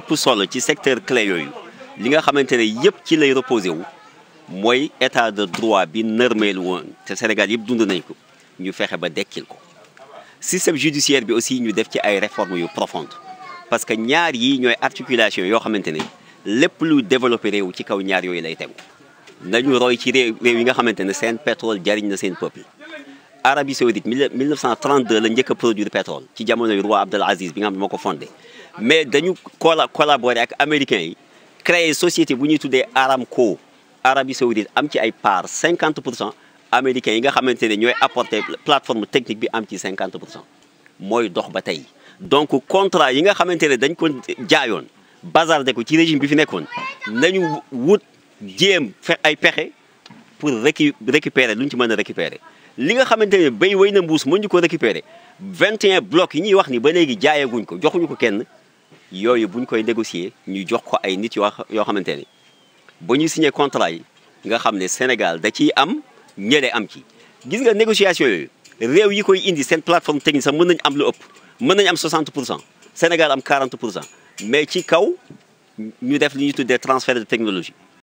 ëpp solo ci secteur clé yooyu li nga xamante ne yëpp ci lay reposé wu mooy état de droit bi nërmeelu woon te Sénégal yëpp dund nañ ko ñu fexe ba dekkil ko système judiciaire bi aussi ñu def ci ay réformes yu profonde parce que ñaar yi ñooy articulation yoo xamante ne lépp lu développé réew ci kaw ñaar yooyu lay tegu nañu roy ci réew yi nga xamante ne seen jariñ la seen peuple Arabie Saoudite 1932 la njëkk a produire pétrole ci jamono roi Abdel Aziz bi nga xam ne fondé mais dañu collaborer ak américain yi créer société bu ñuy tuddé Aramco Arabie Saoudite am ci ay parts 50 Américain, yi nga xamante ne ñooy plateforme technique bi am ci 50 moy dox ba donc contrat yi nga xamante dañ ko jaayoon de ko ci régime bi fi nekkoon nañu wut jëm fex ay pexe pour récu récupérer lu ñu ci mën a récupérer li nga xamante ne bay wéy na mbuus mën ñu ko récupérer 21 blocs yi ñuy wax ni ba léegi jaayaguñ ko joxuñu ko kenn yooyu bu ñu koy négocier ñu jox ko ay nit yoo yoo xamante ne ba ñuy siñee contrat yi nga xam ne Sénégal da ciy am ñële am ci gis nga négociation yooyu réew yi koy indi seen plateforme technique sa mën nañ am lu ëpp mën nañ am 60 pour cent Sénégal am 40 cent mais ci kaw ñu def li ñuy tuddee transfert de technologie